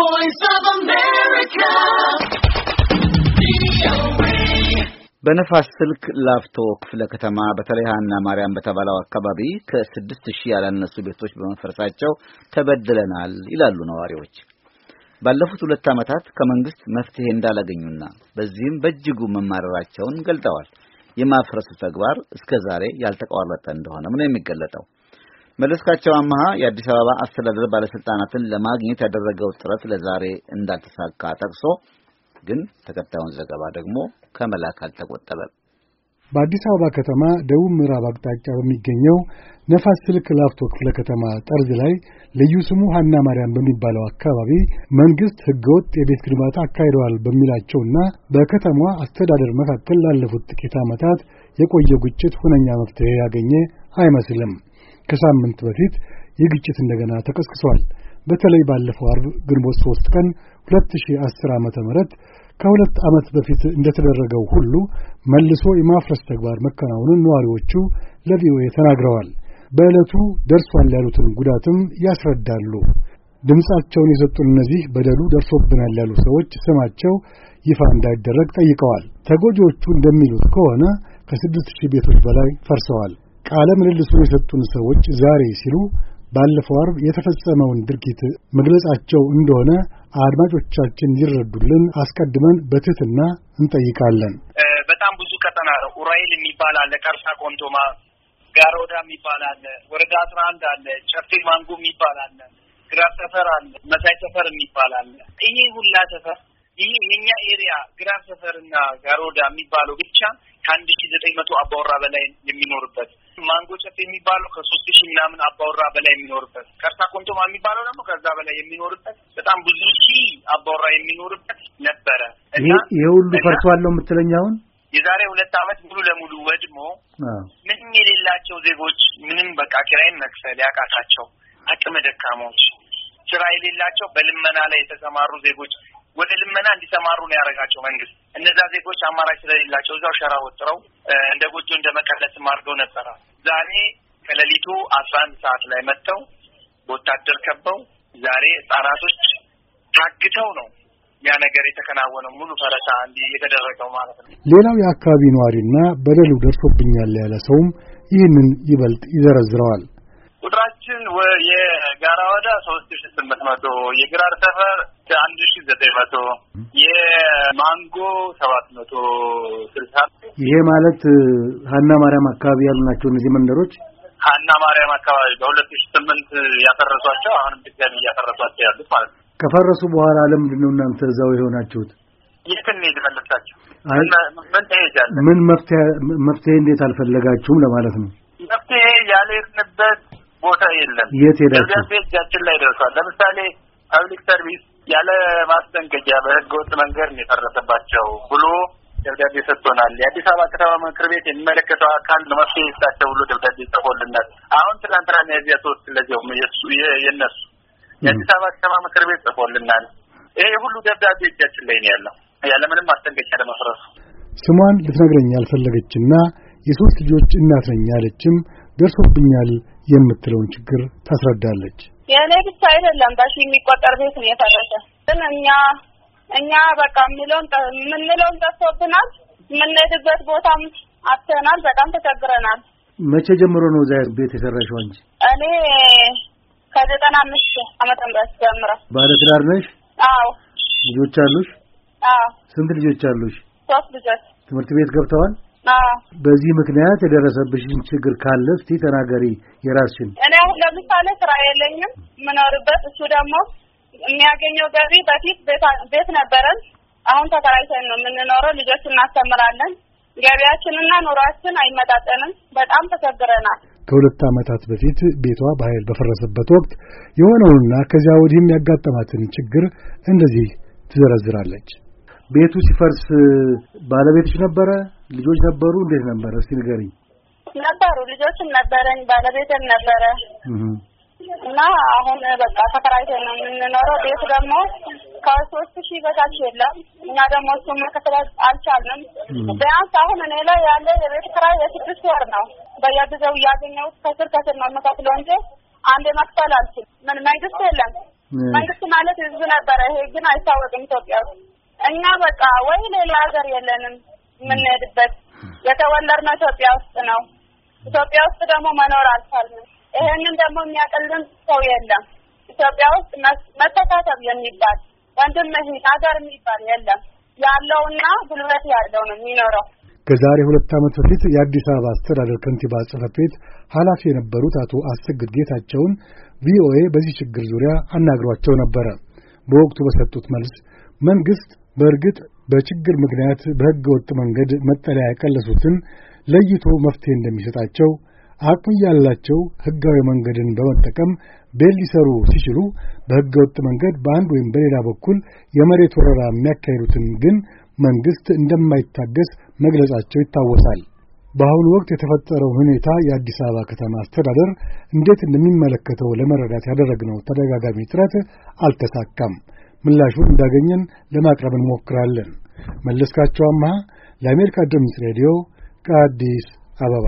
voice በነፋስ ስልክ ላፍቶ ክፍለ ከተማ በተለይ ሀና ማርያም በተባለው አካባቢ ከስድስት ሺህ ያላነሱ ቤቶች በመፍረሳቸው ተበድለናል ይላሉ ነዋሪዎች። ባለፉት ሁለት ዓመታት ከመንግስት መፍትሄ እንዳላገኙና በዚህም በእጅጉ መማረራቸውን ገልጠዋል። የማፍረሱ ተግባር እስከ ዛሬ ያልተቋረጠ እንደሆነም ነው የሚገለጠው። መለስካቸው አመሃ የአዲስ አበባ አስተዳደር ባለስልጣናትን ለማግኘት ያደረገው ጥረት ለዛሬ እንዳልተሳካ ጠቅሶ ግን ተከታዩን ዘገባ ደግሞ ከመላክ አልተቆጠበም። በአዲስ አበባ ከተማ ደቡብ ምዕራብ አቅጣጫ በሚገኘው ነፋስ ስልክ ላፍቶ ክፍለ ከተማ ጠርዝ ላይ ልዩ ስሙ ሀና ማርያም በሚባለው አካባቢ መንግስት ህገወጥ የቤት ግንባታ አካሂደዋል በሚላቸውና በከተማዋ አስተዳደር መካከል ላለፉት ጥቂት ዓመታት የቆየ ግጭት ሁነኛ መፍትሄ ያገኘ አይመስልም። ከሳምንት በፊት ይህ ግጭት እንደገና ተቀስቅሷል። በተለይ ባለፈው አርብ ግንቦት 3 ቀን 2010 ዓ.ም ከሁለት ዓመት በፊት እንደተደረገው ሁሉ መልሶ የማፍረስ ተግባር መከናወኑን ነዋሪዎቹ ለቪኦኤ ተናግረዋል። በዕለቱ ደርሷል ያሉትን ጉዳትም ያስረዳሉ። ድምፃቸውን የሰጡን እነዚህ በደሉ ደርሶብናል ያሉ ሰዎች ስማቸው ይፋ እንዳይደረግ ጠይቀዋል። ተጎጂዎቹ እንደሚሉት ከሆነ ከስድስት ሺህ ቤቶች በላይ ፈርሰዋል። ቃለ ምልልሱን የሰጡን ሰዎች ዛሬ ሲሉ ባለፈው አርብ የተፈጸመውን ድርጊት መግለጻቸው እንደሆነ አድማጮቻችን ይረዱልን አስቀድመን በትህትና እንጠይቃለን። በጣም ብዙ ቀጠና ነው። ኡራኤል የሚባል አለ፣ ቀርሳ ቆንቶማ፣ ጋሮዳ የሚባል አለ፣ ወረዳ አስራ አንድ አለ፣ ጨፌ ማንጎ የሚባል አለ፣ ግራር ሰፈር አለ፣ መሳይ ሰፈር የሚባል አለ። ይሄ ሁላ ሰፈር ይህ የኛ ኤሪያ ግራር ሰፈርና ጋሮዳ የሚባለው ብቻ ከአንድ ሺ ዘጠኝ መቶ አባወራ በላይ የሚኖርበት ማንጎ ጨፌ የሚባለው ከሶስት ሺ ምናምን አባወራ በላይ የሚኖርበት ከርሳ ኮንቶማ የሚባለው ደግሞ ከዛ በላይ የሚኖርበት በጣም ብዙ ሺ አባወራ የሚኖርበት ነበረ። ይሄ ሁሉ ፈርሷለሁ የምትለኝ አሁን የዛሬ ሁለት ዓመት ሙሉ ለሙሉ ወድሞ ምንም የሌላቸው ዜጎች ምንም በቃ ኪራይን መክፈል ያቃታቸው አቅመ ደካሞች ስራ የሌላቸው በልመና ላይ የተሰማሩ ዜጎች ወደ ልመና እንዲሰማሩ ነው ያደረጋቸው መንግስት። እነዛ ዜጎች አማራጭ ስለሌላቸው እዛው ሸራ ወጥረው እንደ ጎጆ እንደ መቀለስም አድርገው ነበረ። ዛሬ ከሌሊቱ አስራ አንድ ሰዓት ላይ መጥተው በወታደር ከበው ዛሬ ህጻናቶች ታግተው ነው ያ ነገር የተከናወነው ሙሉ ፈረሳ እንዲ የተደረገው ማለት ነው። ሌላው የአካባቢ ነዋሪና በደሉ ደርሶብኛል ያለ ሰውም ይህንን ይበልጥ ይዘረዝረዋል። የጋራ ወዳ ሶስት ሺ ስምንት መቶ የግራር ሰፈር አንድ ሺ ዘጠኝ መቶ የማንጎ ሰባት መቶ ስልሳ ይሄ ማለት ሀና ማርያም አካባቢ ያሉ ናቸው እነዚህ መንደሮች ሀና ማርያም አካባቢ በሁለት ሺ ስምንት ያፈረሷቸው አሁንም ድጋሚ እያፈረሷቸው ያሉት ማለት ነው። ከፈረሱ በኋላ ለምንድን ነው እናንተ እዛው የሆናችሁት? የትን መለሳቸው ምን ተሄጃለ? ምን መፍትሄ መፍትሄ እንዴት አልፈለጋችሁም ለማለት ነው። መፍትሄ ቦታ የለም። ደብዳቤ እጃችን ላይ ደርሷል። ለምሳሌ ፐብሊክ ሰርቪስ ያለ ማስጠንቀቂያ በህገወጥ መንገድ ነው የፈረሰባቸው ብሎ ደብዳቤ ሰጥቶናል። የአዲስ አበባ ከተማ ምክር ቤት የሚመለከተው አካል መፍትሄ ይስጣቸው ብሎ ደብዳቤ ጽፎልናል። አሁን ትናንትና ሚያዝያ ሶስት ለዚያው የነሱ የአዲስ አበባ ከተማ ምክር ቤት ጽፎልናል። ይሄ ሁሉ ደብዳቤ እጃችን ላይ ነው ያለው ያለምንም ማስጠንቀቂያ ለመፍረሱ። ስሟን ልትነግረኝ ያልፈለገችና የሶስት ልጆች እናት ነኝ ያለችም ደርሶብኛል የምትለውን ችግር ታስረዳለች። የእኔ ብቻ አይደለም በሺ የሚቆጠር ቤት ነው የፈረሰ። ግን እኛ እኛ በቃ የምንለውን የምንለውን ጠፍቶብናል። የምንሄድበት ቦታም አጥተናል። በጣም ተቸግረናል። መቼ ጀምሮ ነው እዛ ቤት የሰራሽው አንቺ? እኔ ከዘጠና አምስት ዓመተ ምህረት ጀምሮ። ባለ ትዳር ነሽ? አዎ። ልጆች አሉሽ? አዎ። ስንት ልጆች አሉሽ? ሶስት ልጆች። ትምህርት ቤት ገብተዋል? በዚህ ምክንያት የደረሰብሽን ችግር ካለ እስቲ ተናገሪ የራስሽን። እኔ አሁን ለምሳሌ ስራ የለኝም የምኖርበት፣ እሱ ደግሞ የሚያገኘው ገቢ በፊት ቤት ነበረን፣ አሁን ተከራይተን ነው የምንኖረው። ልጆች እናስተምራለን። ገቢያችንና ኑሯችን አይመጣጠንም። በጣም ተቸግረናል። ከሁለት ዓመታት በፊት ቤቷ በኃይል በፈረሰበት ወቅት የሆነውንና ከዚያ ወዲህም ያጋጠማትን ችግር እንደዚህ ትዘረዝራለች። ቤቱ ሲፈርስ ባለቤትሽ ነበረ? ልጆች ነበሩ? እንዴት ነበረ? እስቲ ንገሪኝ። ነበሩ ልጆችም ነበረኝ፣ ባለቤትም ነበረ እና አሁን በቃ ተከራይተን ነው የምንኖረው። ቤት ደግሞ ከሶስት ሺህ በታች የለም። እኛ ደግሞ እሱ መከተል አልቻልንም። ቢያንስ አሁን እኔ ላይ ያለ የቤት ኪራይ የስድስት ወር ነው። በየጊዜው እያገኘሁት ከስር ከስር ነው የምከፍለው እንጂ አንዴ መክፈል አልችል። ምን መንግስት የለም። መንግስት ማለት ህዝብ ነበረ። ይሄ ግን አይታወቅም ኢትዮጵያ ውስጥ። እኛ በቃ ወይ ሌላ ሀገር የለንም የምንሄድበት። የተወለድነው ኢትዮጵያ ውስጥ ነው። ኢትዮጵያ ውስጥ ደግሞ መኖር አልቻልንም። ይሄንን ደግሞ የሚያቀልን ሰው የለም። ኢትዮጵያ ውስጥ መተሳሰብ የሚባል ወንድም ሀገር የሚባል የለም። ያለውና ጉልበት ያለው ነው የሚኖረው። ከዛሬ ሁለት ዓመት በፊት የአዲስ አበባ አስተዳደር ከንቲባ ጽፈት ቤት ኃላፊ የነበሩት አቶ አስግድ ጌታቸውን ቪኦኤ በዚህ ችግር ዙሪያ አናግሯቸው ነበረ። በወቅቱ በሰጡት መልስ መንግሥት በእርግጥ በችግር ምክንያት በሕገ ወጥ መንገድ መጠለያ ያቀለሱትን ለይቶ መፍትሄ እንደሚሰጣቸው አቅም ያላቸው ሕጋዊ መንገድን በመጠቀም ቤት ሊሰሩ ሲችሉ በሕገ ወጥ መንገድ በአንድ ወይም በሌላ በኩል የመሬት ወረራ የሚያካሂዱትን ግን መንግሥት እንደማይታገስ መግለጻቸው ይታወሳል። በአሁኑ ወቅት የተፈጠረውን ሁኔታ የአዲስ አበባ ከተማ አስተዳደር እንዴት እንደሚመለከተው ለመረዳት ያደረግነው ተደጋጋሚ ጥረት አልተሳካም። ምላሹን እንዳገኘን ለማቅረብ እንሞክራለን። መለስካቸው አምሃ ለአሜሪካ ድምፅ ሬዲዮ ከአዲስ አበባ